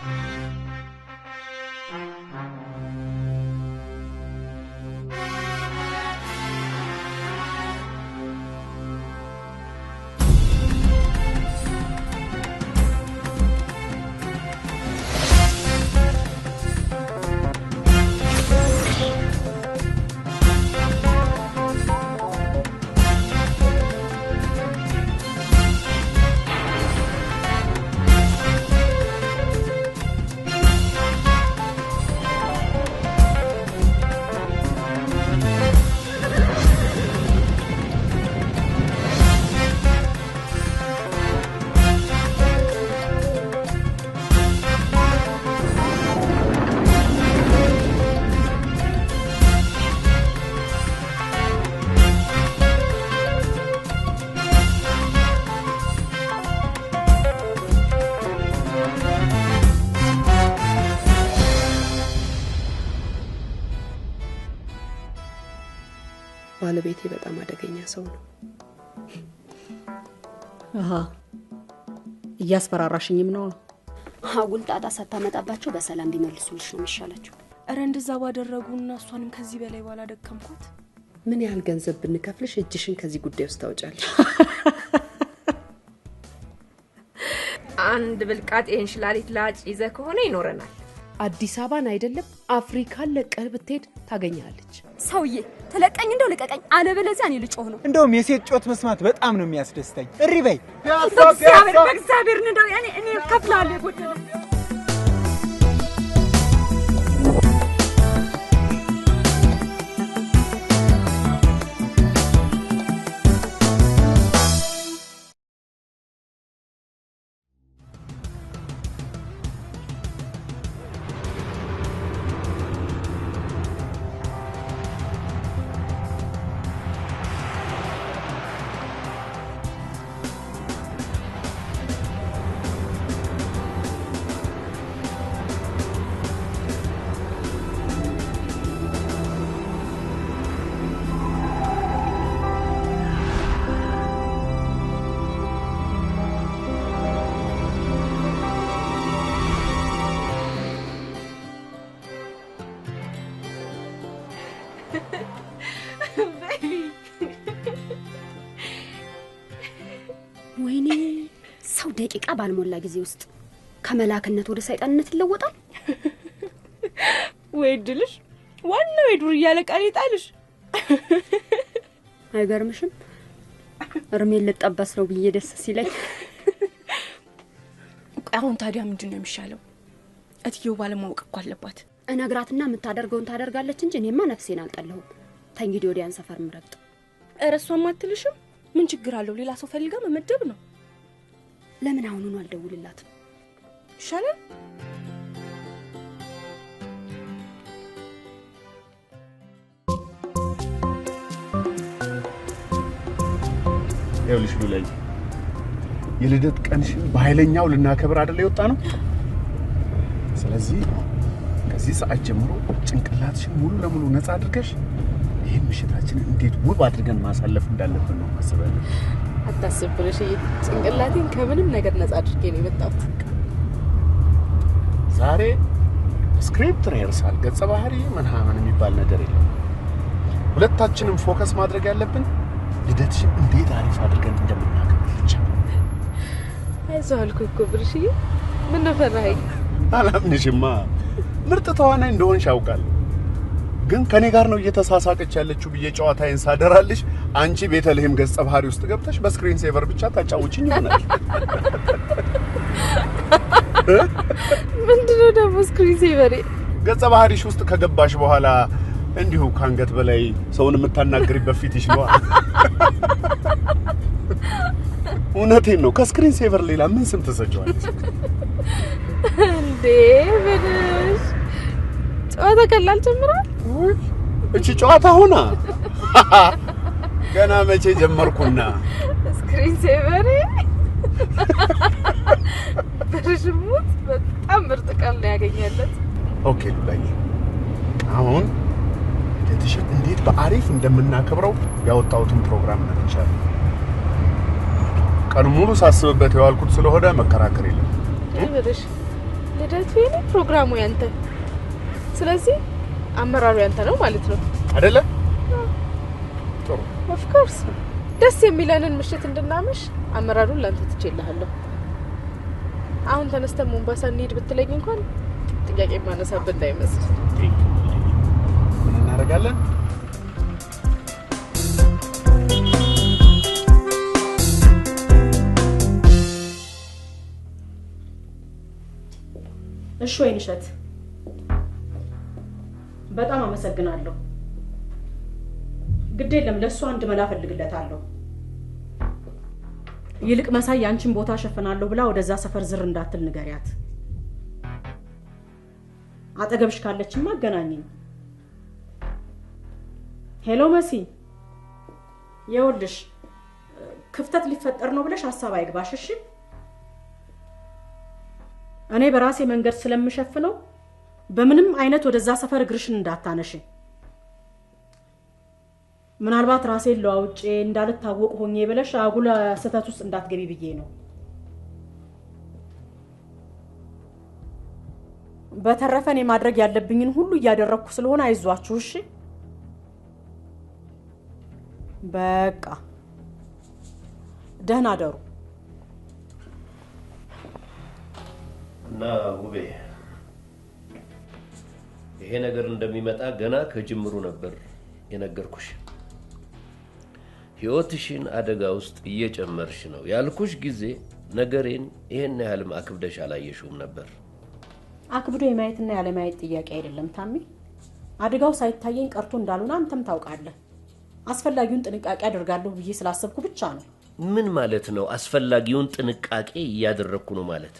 Música ባለቤቴ በጣም አደገኛ ሰው ነው። እያስፈራራሽኝም ነው። አጉል ጣጣ ሳታመጣባቸው በሰላም ቢመልሱልሽ ነው የሚሻላቸው። እረ እንደዛ እና እሷንም ከዚህ በላይ ደከምኳት። ምን ያህል ገንዘብ ብንከፍልሽ እጅሽን ከዚህ ጉዳይ ውስጥ ታውጫለሽ? አንድ ብልቃጥ ይህን ሽላሊት ላጭ ይዘ ከሆነ ይኖረናል። አዲስ አበባን አይደለም አፍሪካን ለቀህ ብትሄድ ታገኛለች ሰውዬ ተለቀኝ፣ እንደው ልቀቀኝ፣ አለበለዚያ እኔ ልጮህ ነው። እንደውም የሴት ጮት መስማት በጣም ነው የሚያስደስተኝ። እሪ በይ በእግዚአብሔር፣ እንደው እኔ እኔ እከፍልሃለሁ የጎደለው ወይኔ ሰው ደቂቃ ባልሞላ ጊዜ ውስጥ ከመላክነት ወደ ሰይጣንነት ይለወጣል። ወይ ድልሽ ዋናው የዱር ቃል ይጣልሽ አይገርምሽም? እርሜ ልጠበስ ነው ብዬ ደስ ሲለኝ። አሁን ታዲያ ምንድን ነው የሚሻለው? እትየው ባለማወቅ እኳ አለባት። እነግራትና የምታደርገውን ታደርጋለች እንጂ እኔማ ነፍሴን አልጠለሁም። ተንጊዲ ወዲያን ሰፈር ምረጥ። እረ አትልሽም ምን ችግር አለው? ሌላ ሰው ፈልጋ መመደብ ነው። ለምን አሁኑን አልደውልላትም ይሻላል? ይኸውልሽ ሉላዬ፣ የልደት ቀንሽን በኃይለኛው ልናከብር አይደለ የወጣ ነው። ስለዚህ ከዚህ ሰዓት ጀምሮ ጭንቅላትሽን ሙሉ ለሙሉ ነፃ አድርገሽ ይህ ምሽታችን እንዴት ውብ አድርገን ማሳለፍ እንዳለብን ነው ማስበል። አታስብ ብለሽዬ፣ ጭንቅላቴን ከምንም ነገር ነጻ አድርጌ ነው የመጣሁት። ዛሬ ስክሪፕት ሪሄርሳል፣ ገጸ ባህሪ ምናምን የሚባል ነገር የለም። ሁለታችንም ፎከስ ማድረግ ያለብን ልደትሽን እንዴት አሪፍ አድርገን እንደምናከብር ብቻ። አይዞህ አልኩህ እኮ ብርሽዬ፣ ምን ነው ፈራኸኝ? አላምንሽማ፣ ምርጥ ተዋናይ እንደሆንሽ አውቃለሁ። ግን ከኔ ጋር ነው እየተሳሳቀች ያለችው ብዬ ጨዋታዬን ሳደራልሽ፣ አንቺ ቤተልሔም ገጸ ባህሪ ውስጥ ገብተሽ በስክሪን ሴቨር ብቻ ታጫውችኝ ይሆናል። ምንድነው ደግሞ ስክሪን ሴቨር? ገጸ ባህሪሽ ውስጥ ከገባሽ በኋላ እንዲሁ ከአንገት በላይ ሰውን የምታናግሪ በፊትሽ ነው። እውነቴን ነው። ከስክሪን ሴቨር ሌላ ምን ስም ትሰጪዋለሽ እንዴ? ጨዋታ ቀላል ጀምሯል። እቺ ጨዋታ ሆና ገና መቼ ጀመርኩና ስክሪን ሴቨሬ በርሽሙት በጣም ምርጥ ቃል ነው ያገኛለት። ኦኬ ዱላዬ፣ አሁን ልደትሽን እንዴት በአሪፍ እንደምናከብረው ያወጣሁትን ፕሮግራም ነግሬሻለሁ። ቀን ሙሉ ሳስብበት የዋልኩት ስለሆነ መከራከር የለም። ልደቱ የእኔ ፕሮግራሙ ያንተ ስለዚህ አመራሩ ያንተ ነው ማለት ነው አይደለ? ጥሩ። ኮርስ ደስ የሚለንን ምሽት እንድናመሽ አመራሩን ላንተ ትቼልሃለሁ። አሁን ተነስተን ሞንባሳ እንሄድ ብትለኝ እንኳን ጥያቄ የማነሳብን እንዳይመስል ምን እናደርጋለን? እሺ እሸት። በጣም አመሰግናለሁ። ግድ የለም ለእሱ አንድ መላ እፈልግለታለሁ። ይልቅ መሳይ ያንቺን ቦታ ሸፍናለሁ ብላ ወደዛ ሰፈር ዝር እንዳትል ንገሪያት። አጠገብሽ ካለችማ አገናኘኝ። ሄሎ መሲ፣ የወልሽ ክፍተት ሊፈጠር ነው ብለሽ ሀሳብ አይግባሽ እሺ። እኔ በራሴ መንገድ ስለምሸፍነው በምንም አይነት ወደዛ ሰፈር እግርሽን እንዳታነሽ። ምናልባት ራሴን ለዋውጬ እንዳልታወቅ ሆኜ ብለሽ አጉል ስህተት ውስጥ እንዳትገቢ ብዬ ነው። በተረፈ እኔ ማድረግ ያለብኝን ሁሉ እያደረግኩ ስለሆነ አይዟችሁ። እሺ በቃ ደህና አደሩ እና ውቤ ይሄ ነገር እንደሚመጣ ገና ከጅምሩ ነበር የነገርኩሽ። ሕይወትሽን አደጋ ውስጥ እየጨመርሽ ነው ያልኩሽ ጊዜ ነገሬን ይህን ያህልም አክብደሽ አላየሽውም ነበር። አክብዶ የማየትና ያለማየት ጥያቄ አይደለም ታሜ። አደጋው ሳይታየኝ ቀርቶ እንዳልሆነ አንተም ታውቃለህ። አስፈላጊውን ጥንቃቄ አደርጋለሁ ብዬ ስላሰብኩ ብቻ ነው። ምን ማለት ነው? አስፈላጊውን ጥንቃቄ እያደረግኩ ነው ማለት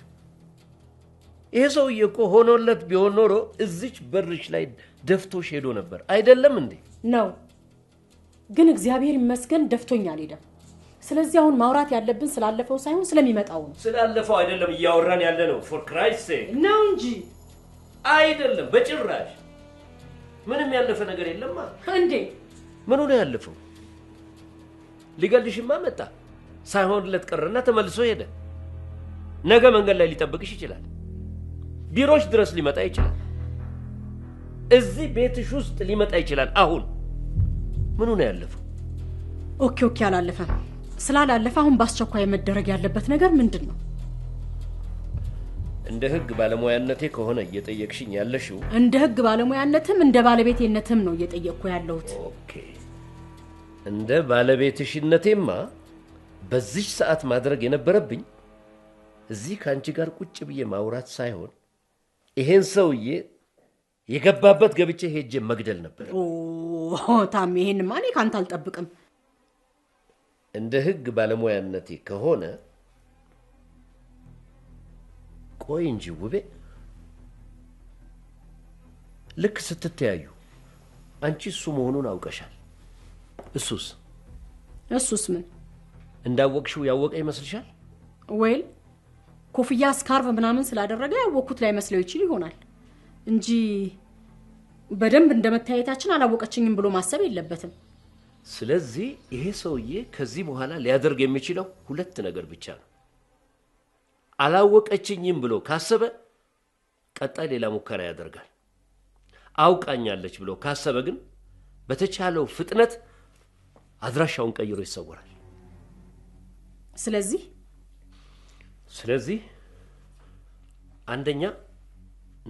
ይሄ ሰውዬ እኮ ሆኖለት ቢሆን ኖሮ እዚች በርሽ ላይ ደፍቶሽ ሄዶ ነበር። አይደለም እንዴ? ነው ግን እግዚአብሔር ይመስገን ደፍቶኝ አልሄደም። ስለዚህ አሁን ማውራት ያለብን ስላለፈው ሳይሆን ስለሚመጣው ነው። ስላለፈው አይደለም እያወራን ያለ ነው። ፎር ክራይስት ነው እንጂ አይደለም በጭራሽ። ምንም ያለፈ ነገር የለማ። እንዴ ምኑ ነው ያለፈው? ሊገልሽማ መጣ ሳይሆንለት ቀረና ተመልሶ ሄደ። ነገ መንገድ ላይ ሊጠብቅሽ ይችላል። ቢሮች ድረስ ሊመጣ ይችላል። እዚህ ቤትሽ ውስጥ ሊመጣ ይችላል። አሁን ምኑ ነው ያለፈው? ኦኬ ኦኬ፣ አላለፈም። ስላላለፈ አሁን በአስቸኳይ መደረግ ያለበት ነገር ምንድን ነው? እንደ ህግ ባለሙያነቴ ከሆነ እየጠየቅሽኝ ያለሽው። እንደ ህግ ባለሙያነትም እንደ ባለቤቴነትም ነው እየጠየቅኩ ያለሁት። ኦኬ፣ እንደ ባለቤትሽነቴማ በዚሽ ሰዓት ማድረግ የነበረብኝ እዚህ ከአንቺ ጋር ቁጭ ብዬ ማውራት ሳይሆን ይሄን ሰውዬ የገባበት ገብቼ ሄጄ መግደል ነበር። ታም ይሄንማ እኔ ካንተ አልጠብቅም። እንደ ህግ ባለሙያነቴ ከሆነ ቆይ እንጂ ውቤ፣ ልክ ስትተያዩ አንቺ እሱ መሆኑን አውቀሻል። እሱስ እሱስ ምን እንዳወቅሽው ያወቀ ይመስልሻል? ወይል ኮፍያ ስካርቭ ምናምን ስላደረገ ያወቅኩት ላይ መስለው ይችል ይሆናል እንጂ በደንብ እንደ መታየታችን አላወቀችኝም ብሎ ማሰብ የለበትም። ስለዚህ ይሄ ሰውዬ ከዚህ በኋላ ሊያደርግ የሚችለው ሁለት ነገር ብቻ ነው። አላወቀችኝም ብሎ ካሰበ ቀጣይ ሌላ ሙከራ ያደርጋል። አውቃኛለች ብሎ ካሰበ ግን በተቻለው ፍጥነት አድራሻውን ቀይሮ ይሰወራል። ስለዚህ ስለዚህ አንደኛ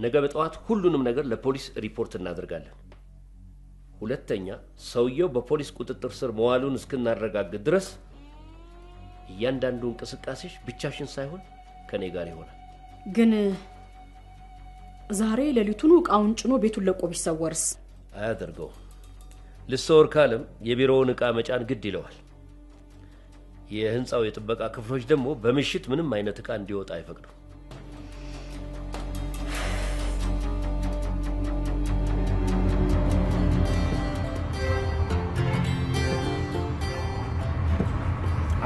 ነገ በጠዋት ሁሉንም ነገር ለፖሊስ ሪፖርት እናደርጋለን። ሁለተኛ ሰውየው በፖሊስ ቁጥጥር ስር መዋሉን እስክናረጋግጥ ድረስ እያንዳንዱ እንቅስቃሴሽ ብቻሽን ሳይሆን ከእኔ ጋር ይሆናል። ግን ዛሬ ሌሊቱን እቃውን ጭኖ ቤቱን ለቆ ቢሰወርስ? አያደርገውም። ልሰወር ካለም የቢሮውን ዕቃ መጫን ግድ ይለዋል። የህንፃው የጥበቃ ክፍሎች ደግሞ በምሽት ምንም አይነት እቃ እንዲወጣ አይፈቅዱም።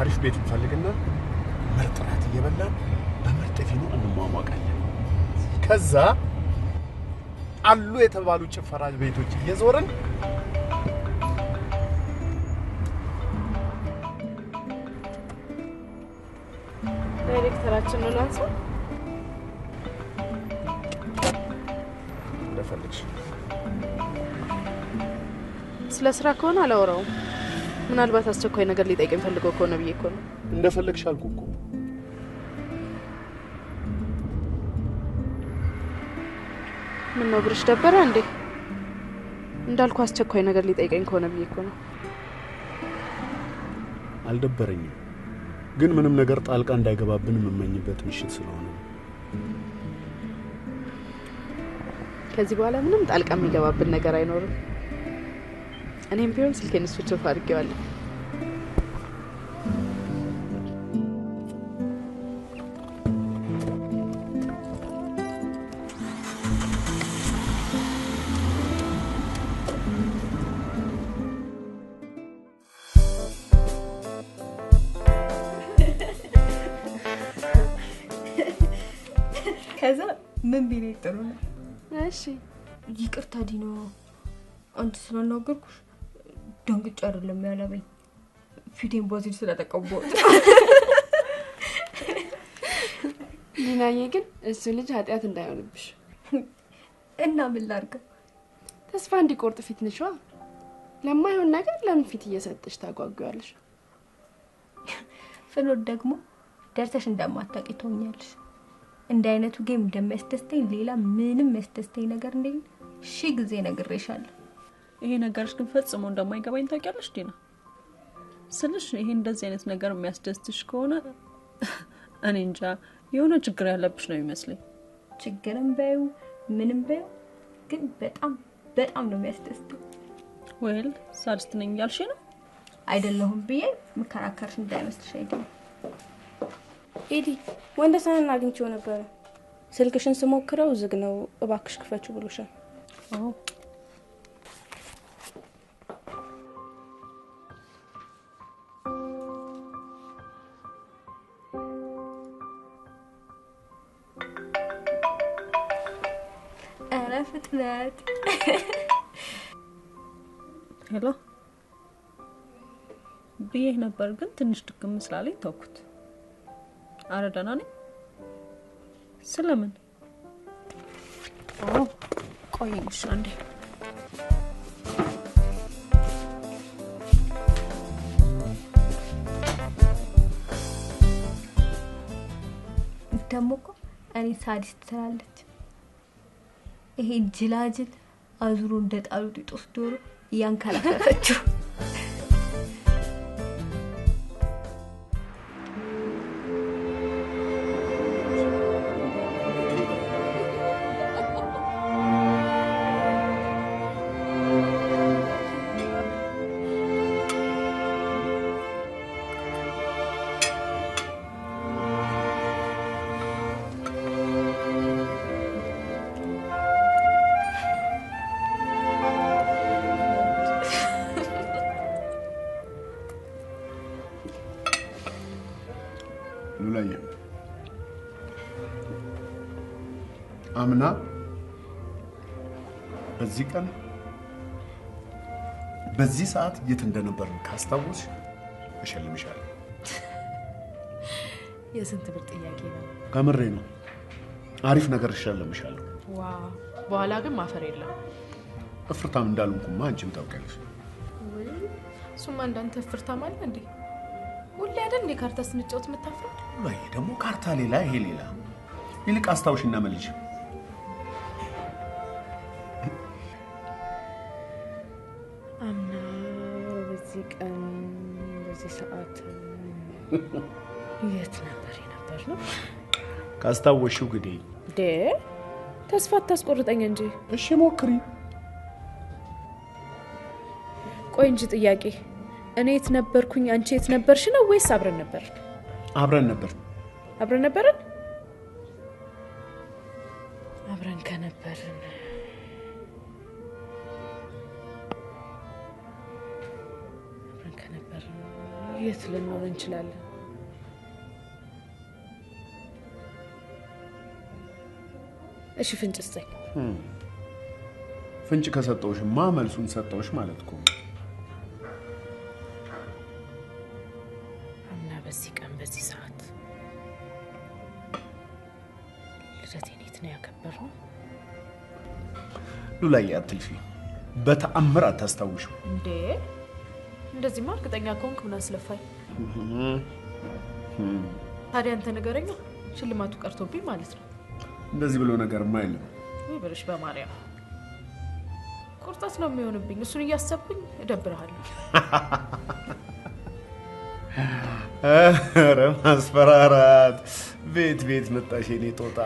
አሪፍ ቤት እንፈልግና ምርጥ ራት እየበላን በምርጥ እንሟሟቃለን። ከዛ አሉ የተባሉ ጭፈራ ቤቶች እየዞርን ዳይሬክተራችን ነው ናንሰ እንደፈልግሽ። ስለ ስራ ከሆነ አላወራውም። ምናልባት አስቸኳይ ነገር ሊጠይቀኝ ፈልገው ከሆነ ብዬ እኮ ነው። እንደፈለግሽ አልኩ እኮ። ምን ነው እግርሽ ደበረ እንዴ? እንዳልኩ አስቸኳይ ነገር ሊጠይቀኝ ከሆነ ብዬ እኮ ነው። አልደበረኝም። ግን ምንም ነገር ጣልቃ እንዳይገባብን የምመኝበት ምሽት ስለሆነ ከዚህ በኋላ ምንም ጣልቃ የሚገባብን ነገር አይኖርም። እኔም ቢሆን ስልኬን ስዊች ኦፍ አድርጌዋለሁ። እሺ ይቅርታ ዲኖ፣ አንቺ ስላናገርኩሽ ደንግጬ አይደለም ያለበኝ ፊቴን ባዚል ስለተቀባሁት። ዲናዬ ግን እሱ ልጅ ኃጢአት እንዳይሆንብሽ እና ምን ላድርገው? ተስፋ እንዲቆርጥ ፊት ንሸዋ ለማይሆን ነገር ለምን ፊት እየሰጠሽ ታጓጓለሽ? ፍኖት ደግሞ ደርሰሽ እንደማታውቂ ትሆኛለሽ። እንደ አይነቱ ጌም እንደሚያስደስተኝ ሌላ ምንም ያስደስተኝ ነገር እንደሌለ ሺ ጊዜ ነግሬሻለሁ። ይሄ ነገርሽ ግን ፈጽሞ እንደማይገባኝ ታውቂያለሽ ዲና። ስልሽ ይሄ እንደዚህ አይነት ነገር የሚያስደስትሽ ከሆነ እኔ እንጃ የሆነ ችግር ያለብሽ ነው የሚመስለኝ። ችግርም በዩ ምንም በዩ ግን በጣም በጣም ነው የሚያስደስተው። ወይል ሳድስት ነኝ እያልሽ ነው አይደለሁም ብዬ መከራከርሽ እንዳይመስልሽ አይደለም ኤዲ ወንደሰንን አግኝቼው ነበረ። ስልክሽን ስሞክረው ዝግ ነው፣ እባክሽ ክፈችው ብሎሻል። ኧረ ፍጥነት! ሄሎ ብዬሽ ነበር ግን ትንሽ ድክም ስላለኝ ተውኩት። አረ ደህና ነኝ። ስለምን? ቆይኝ እሺ አንዴ ደግሞ እኮ እኔ ሳዲስት ትላለች። ይሄ ጅላጅል አዙሮ እንደ ጣሉ ጢጦስ ዶሮ እያንከላከተችው አምና በዚህ ቀን በዚህ ሰዓት የት እንደነበር ካስታወስሽ እሸልምሻለሁ። የስንት ብር ጥያቄ ነው? ከምሬ ነው። አሪፍ ነገር እሸልምሻለሁ። ዋ በኋላ ግን ማፈር የለም። እፍርታም እንዳልሆንኩማ አንቺም ታውቂያለሽ። እሱማ እንዳንተ እፍርታም አለ እንዴ? ሁሌ አይደል እንዴ ካርታ ስንጫወት የምታፍረው? ወይ ደግሞ ካርታ ሌላ፣ ይሄ ሌላ። ይልቅ አስታውሽና መልሽ። የት ነበር የነበር ነው? ካስታወሽው ግዴኝ። ዴ ተስፋ አታስቆርጠኝ እንጂ። እሺ ሞክሪ። ቆይ እንጂ ጥያቄ፣ እኔ የት ነበርኩኝ? አንቺ የት ነበርሽ ነው ወይስ አብረን ነበር? አብረን ነበር። አብረን ነበርን ልንሆን እንችላለን። እሺ ፍንጭ ስጠኝ። ፍንጭ ማ መልሱን ሰጠውሽ ማለት እኮ እና በዚህ ቀን በዚህ ሰዓት ልደቴን የት ነው ያከበረው? ሉላዬ አትልፊ፣ በተአምር አታስታውሽም እንዴ? እንደዚህማ እርግጠኛ ከሆንክ ምን አስለፋኝ? ታዲያ አንተ ነገረኛ፣ ሽልማቱ ቀርቶብኝ ማለት ነው። እንደዚህ ብሎ ነገርማ የለም። ብርሽ በማርያም ቁርጠት ነው የሚሆንብኝ። እሱን እያሰብኩኝ እደብርሃለሁ። ኧረ ማስፈራራት! ቤት ቤት መጣሽ የኔ ጦጣ።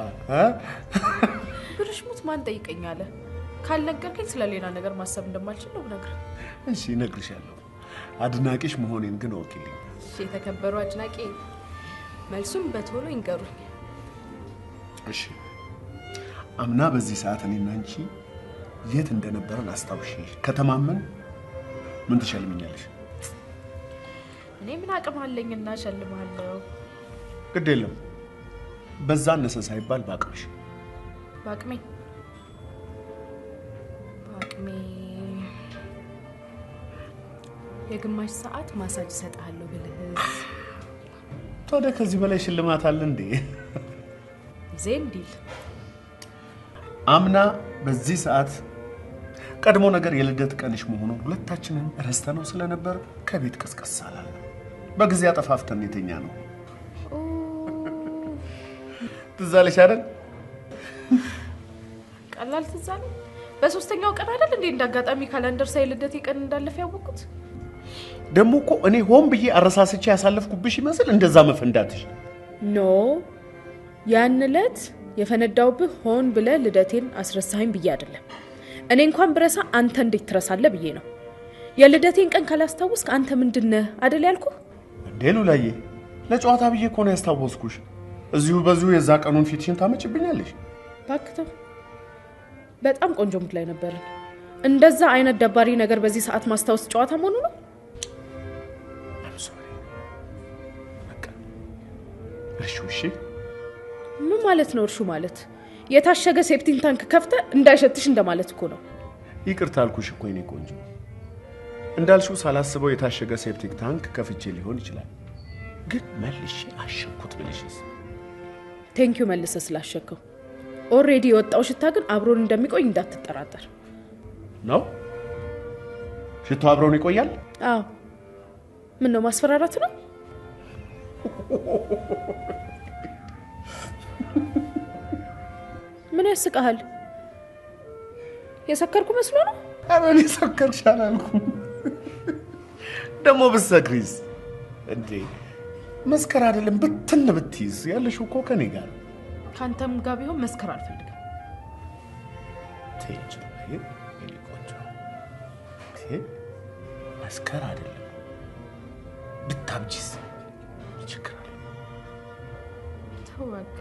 ብርሽ ሙት ማን ጠይቀኝ አለ? ካልነገርከኝ ስለ ሌላ ነገር ማሰብ እንደማልችል ነው ብነግርህ። እሺ እነግርሻለሁ። አድናቂሽ መሆኔን ግን ወኪልኝ የተከበሩ አድናቂ መልሱን በቶሎ ይንገሩኝ። እሺ፣ አምና በዚህ ሰዓት እኔና አንቺ የት እንደነበረን አስታውሽ። ከተማመን ምን ትሸልምኛለሽ? እኔ ምን አቅም አለኝና እሸልማለሁ። ግድ የለም በዛ አነሰ ሳይባል በአቅምሽ በአቅሜ በአቅሜ የግማሽ ሰዓት ማሳጅ እሰጥሃለሁ ብልህ ታዲያ ከዚህ በላይ ሽልማት አለ እንዴ? ዜንዲል አምና በዚህ ሰዓት ቀድሞ ነገር የልደት ቀንሽ መሆኑን ሁለታችንን ረስተነው ስለነበር ከቤት ቀስቀስ አላለ። በጊዜ አጠፋፍተን የተኛ ነው። ትዝ አለሽ አይደል? ቀላል ትዝ አለኝ። በሶስተኛው ቀን አይደል እንዴ እንዳጋጣሚ ካላንደር ሳይ ልደት ቀን እንዳለፈ ያወቅኩት። ደግሞ እኮ እኔ ሆን ብዬ አረሳስቼ ያሳለፍኩብሽ ይመስል እንደዛ መፈንዳትሽ። ኖ ያን እለት የፈነዳውብህ ሆን ብለ ልደቴን አስረሳኝ ብዬ አይደለም። እኔ እንኳን ብረሳ አንተ እንዴት ትረሳለ ብዬ ነው። የልደቴን ቀን ካላስታወስክ አንተ ምንድነ አደል ያልኩ። እንዴ ሉላዬ፣ ለጨዋታ ብዬ ከሆነ ያስታወስኩሽ። እዚሁ በዚሁ የዛ ቀኑን ፊትሽን ታመጭብኛለሽ። ባክተው በጣም ቆንጆ ሙድ ላይ ነበርን። እንደዛ አይነት ደባሪ ነገር በዚህ ሰዓት ማስታወስ ጨዋታ መሆኑ ነው። እርሹ? እሺ፣ ምን ማለት ነው እርሹ ማለት? የታሸገ ሴፕቲን ታንክ ከፍተ እንዳይሸትሽ እንደማለት እኮ ነው። ይቅርታ አልኩሽ እኮ የኔ ቆንጆ። እንዳልሽው ሳላስበው የታሸገ ሴፕቲክ ታንክ ከፍቼ ሊሆን ይችላል፣ ግን መልሼ አሸኩት ብልሽስ? ቴንኪዩ መልሰ ስላሸከው። ኦሬዲ የወጣው ሽታ ግን አብሮን እንደሚቆይ እንዳትጠራጠር ነው። ሽታው አብሮን ይቆያል? አዎ። ምን ነው ማስፈራራት ነው? ምን ያስቀሃል? የሰከርኩ መስሎ ነው? ኧረ እኔ ሰከርሽ አላልኩም። ደግሞ ብትሰክሪስ እንዴ? መስከር አይደለም ብትን ብትይዝ ያለሽው እኮ ከኔ ጋር ከአንተም ጋር ቢሆን መስከር አልፈልግም። ትሄጂ መስከር አይደለም ብታብጂስ Мамочка.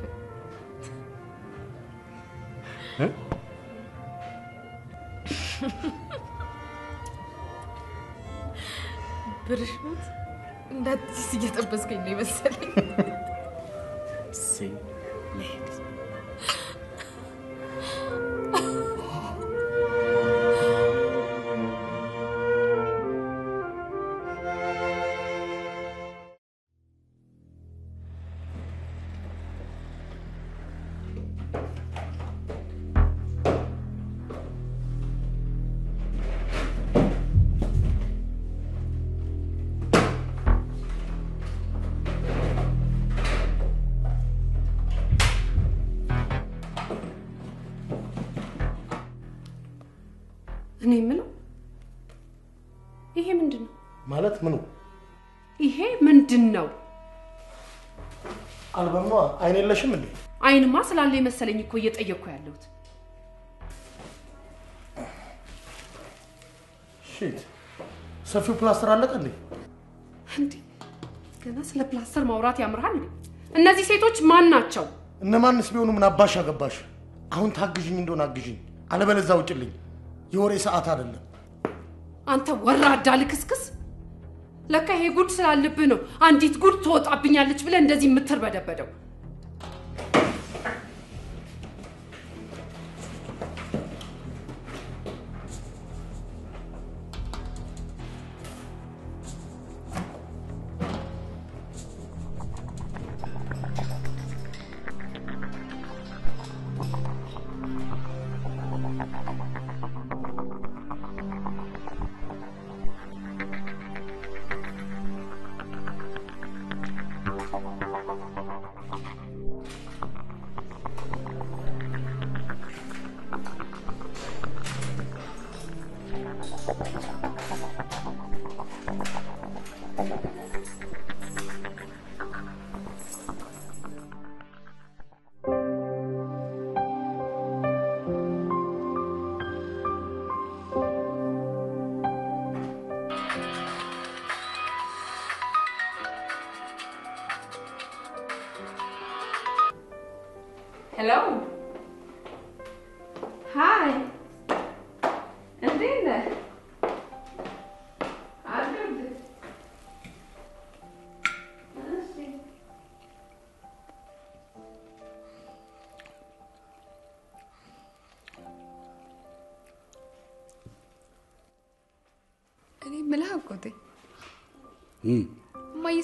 Так. А? Barışmaz. Ben sizi getirmez kendimi mesela. Sen. ማለት ምኑ ይሄ ምንድን ነው? አልበማ አይን የለሽም እንዴ? አይንማ ስላለ የመሰለኝ እኮ እየጠየቅኩ ያለሁት። ሺት ሰፊው ፕላስተር አለቀ እንዴ? እንዴ ገና ስለ ፕላስተር ማውራት ያምርሃል እንዴ? እነዚህ ሴቶች ማን ናቸው? እነማንስ ቢሆኑ ምን አባሽ አገባሽ? አሁን ታግዥኝ እንደሆነ አግዥኝ፣ አለበለዚያ ውጭልኝ። የወሬ ሰዓት አይደለም። አንተ ወራዳ ልክስክስ ለካ ይሄ ጉድ ስላለብህ ነው አንዲት ጉድ ትወጣብኛለች ብለህ እንደዚህ የምትርበደበደው።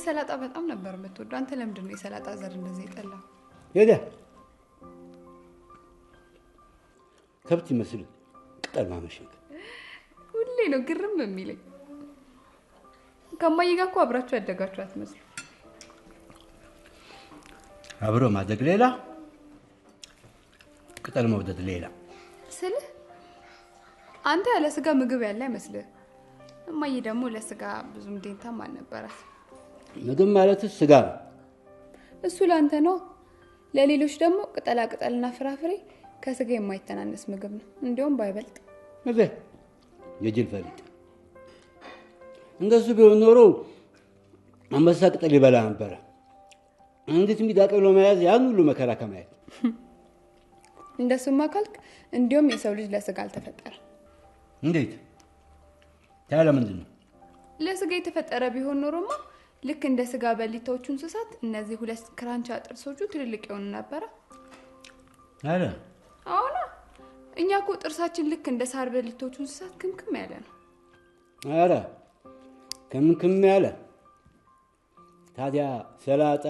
ሰላጣ በጣም ነበር የምትወዱ አንተ። ለምንድን ነው የሰላጣ ዘር እንደዚህ የጠላ? ሄደ ከብት ይመስል ቅጠል ማመሸግ ሁሌ ነው ግርም የሚለኝ። ከማዬ ጋር እኮ አብራችሁ ያደጋችሁ አትመስሉ። አብሮ ማደግ ሌላ፣ ቅጠል መውደድ ሌላ ስልህ አንተ ለስጋ ምግብ ያለ አይመስልህ። እማዬ ደግሞ ለስጋ ብዙም ዴንታም አልነበራት። ምግብ ማለት ስጋ ነው። እሱ ለአንተ ነው። ለሌሎች ደግሞ ቅጠላቅጠልና ፍራፍሬ ከስጋ የማይተናነስ ምግብ ነው፣ እንዲሁም ባይበልጥ። እቤ የጅል ፈሊጥ። እንደሱ ቢሆን ኖሮ አንበሳ ቅጠል ይበላ ነበረ። እንዴት ብሎ መያዝ ያን ሁሉ መከራ ከማየት እንደሱማ ካልክ፣ እንዲሁም የሰው ልጅ ለስጋ አልተፈጠረም። እንዴት ታዲያ ለምንድን ነው? ለስጋ የተፈጠረ ቢሆን ኖሮማ ልክ እንደ ስጋ በሊታዎቹ እንስሳት እነዚህ ሁለት ክራንቻ ጥርሶቹ ትልልቅ የሆኑ ነበረ። አለ አሁን እኛ ኮ ጥርሳችን ልክ እንደ ሳር በሊታዎቹ እንስሳት ክምክም ያለ ነው። አረ ክምክም ያለ ታዲያ ሰላጣ፣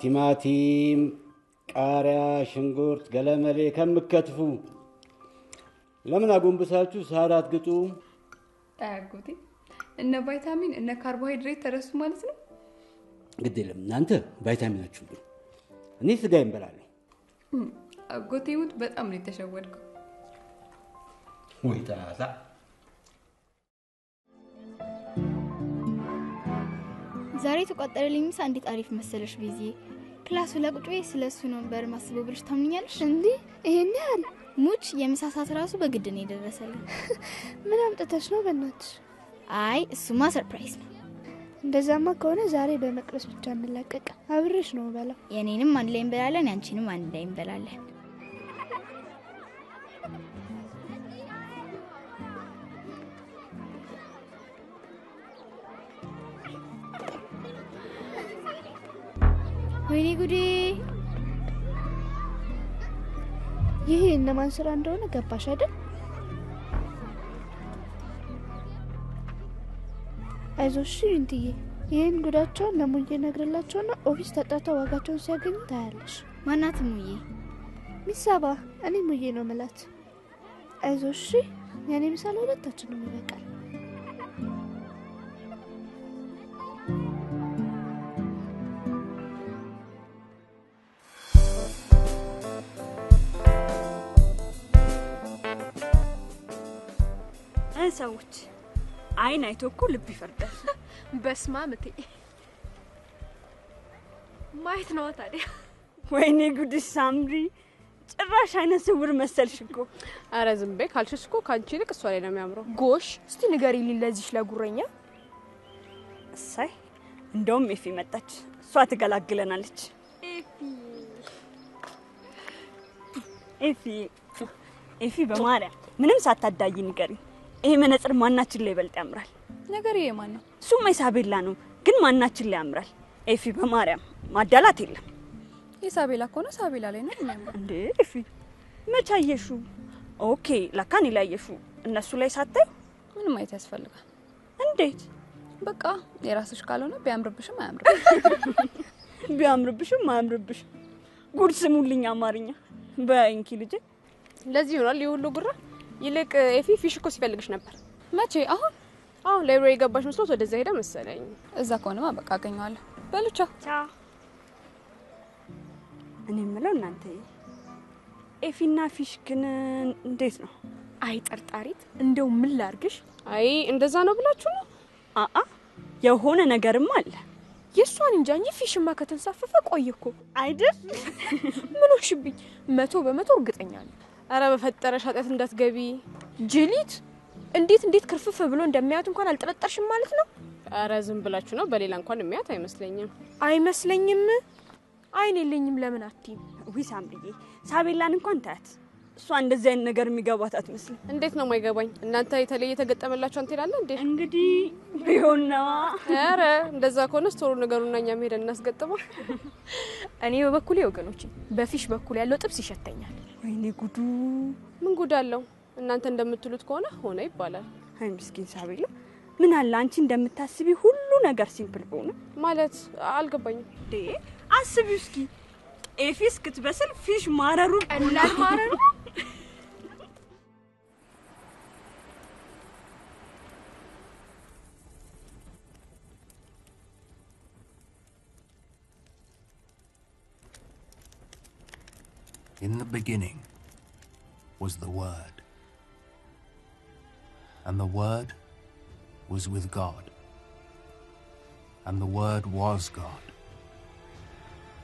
ቲማቲም፣ ቃሪያ፣ ሽንኩርት፣ ገለመሌ ከምከትፉ ለምን አጎንብሳችሁ ሳር አትግጡ? አያጉቴ እነ ቫይታሚን እነ ካርቦሃይድሬት ተረሱ ማለት ነው። ግድ የለም እናንተ ቫይታሚናችሁ ብሉ። እኔ ስጋ ይንበላለሁ። አጎቴ ውድ በጣም ነው የተሸወድከው። ወይ ጠናታ ዛሬ የተቋጠረልኝ ምሳ እንዴት አሪፍ መሰለሽ ብዬ ክላሱ ላይ ቁጭ ስለ እሱ ነበር ማስበው ብልሽ ታምኛለሽ? እንዲህ ይሄን ያህል ሙች የምሳ ሰዓት ራሱ በግድ ነው የደረሰልኝ። ምን አምጥተሽ ነው በናትሽ? አይ እሱማ ሰርፕራይዝ ነው። እንደዛማ ከሆነ ዛሬ በመቅረስ ብቻ እንላቀቅ። አብሬሽ ነው በላው። የኔንም አንድ ላይ እንበላለን፣ ያንቺንም አንድ ላይ እንበላለን። ወይኔ ጉዴ! ይህ እነማን ስራ እንደሆነ ገባሽ አይደል? አይዞሽ እንትዬ ይህን ጉዳቸውን ለሙዬ ነግርላቸውና ኦፊስ ተጠርተው ዋጋቸውን ሲያገኙ ታያለሽ። ማናት ሙዬ? ሚሳባ። እኔ ሙዬ ነው ምላት። አይዞሽ የኔ ሁለታችን ነው ይበቃል። ሰዎች አይን አይቶ እኮ ልብ ይፈርዳል። በስማ ምቴ ማየት ነዋ ታዲያ። ወይኔ ጉድሽ ሳምሪ፣ ጭራሽ አይነ ስውር መሰልሽ እኮ። አረ ዝም በይ ካልሽሽ እኮ ከአንቺ ይልቅ እሷ ላይ ነው የሚያምረው። ጎሽ እስቲ ንገሪ ልኝ ለጉረኛ። እሳይ እንደውም ኤፊ መጣች፣ እሷ ትገላግለናለች። ኤፊ ኤፊ በማርያም ምንም ሳታዳይ ንገሪ ይሄ መነጽር ማናችን ላይ ይበልጥ ያምራል? ነገር ይሄ ማን ነው? እሱማ ኢሳቤላ ነው፣ ግን ማናችን ላይ ያምራል? ኤፊ በማርያም ማዳላት የለም። ኢሳቤላ ከሆነ ሳቤላ ላይ ነው የሚያምረው እንዴ? ኤፊ መቼ አየሹ? ኦኬ ላካ እኔ ላይ አየሹ፣ እነሱ ላይ ሳታይ ምን ማየት ያስፈልጋል? እንዴት በቃ የራስሽ ካልሆነ ቢያምርብሽም አያምርብሽ ቢያምርብሽም አያምርብሽ። ጉድ ስሙልኝ አማርኛ በእንኪ ልጅ ለዚህ ይሆናል ይሁሉ ጉራ ይልቅ ኤፊ ፊሽ እኮ ሲፈልግሽ ነበር። መቼ? አሁን አሁን ላይብራሪ የገባሽ መስሎት ወደዛ ሄደ መሰለኝ። እዛ ከሆነማ በቃ አገኘዋለሁ። በሉቻ እኔ የምለው እናንተ ኤፊና ፊሽ ግን እንዴት ነው? አይ ጠርጣሪት፣ እንደው ምን ላርግሽ? አይ እንደዛ ነው ብላችሁ ነው? አአ የሆነ ነገርም አለ። የእሷን እንጃ እንጂ ፊሽማ ከተንሳፈፈ ቆየኩ አይደል? ምን ሆንሽብኝ? መቶ በመቶ እርግጠኛ ነው። አረ በፈጠረሽ ኃጢአት እንዳትገቢ ጅሊት። እንዴት እንዴት ክርፍፍ ብሎ እንደሚያዩት እንኳን አልጠረጠርሽም ማለት ነው። አረ ዝም ብላችሁ ነው። በሌላ እንኳን የሚያዩት አይመስለኝም አይመስለኝም። አይን የለኝም ለምን አትይም? ዊ ሳምሪዬ ሳቤላን እንኳን ታያት እሷ እንደዚህ አይነት ነገር የሚገባት አትመስል። እንዴት ነው የማይገባኝ? እናንተ የተለየ ተገጠመላችሁ አንቴና አለ እንዴ? እንግዲህ ቢሆንና ኧረ እንደዛ ከሆነ ስቶሩ ነገሩና እኛ መሄደን እናስገጥማ። እኔ በበኩሌ ወገኖች፣ በፊሽ በኩል ያለው ጥብስ ይሸተኛል። ወይኔ ጉዱ! ምን ጉድ አለው? እናንተ እንደምትሉት ከሆነ ሆነ ይባላል። አይ ምስኪን ሳቤላ፣ ምን አለ አንቺ እንደምታስቢ ሁሉ ነገር ሲምፕል በሆነ ማለት አልገባኝም። አስቢ እስኪ ኤፊስ ክትበስል ፊሽ ማረሩ ቀላል ማረሩ In the beginning was the Word, and the Word was with God, and the Word was God.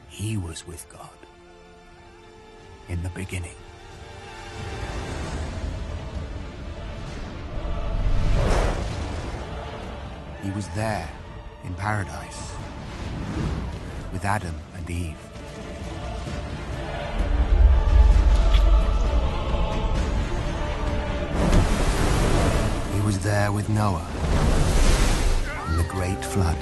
He was with God in the beginning. He was there in paradise with Adam and Eve. was there with Noah in the great flood.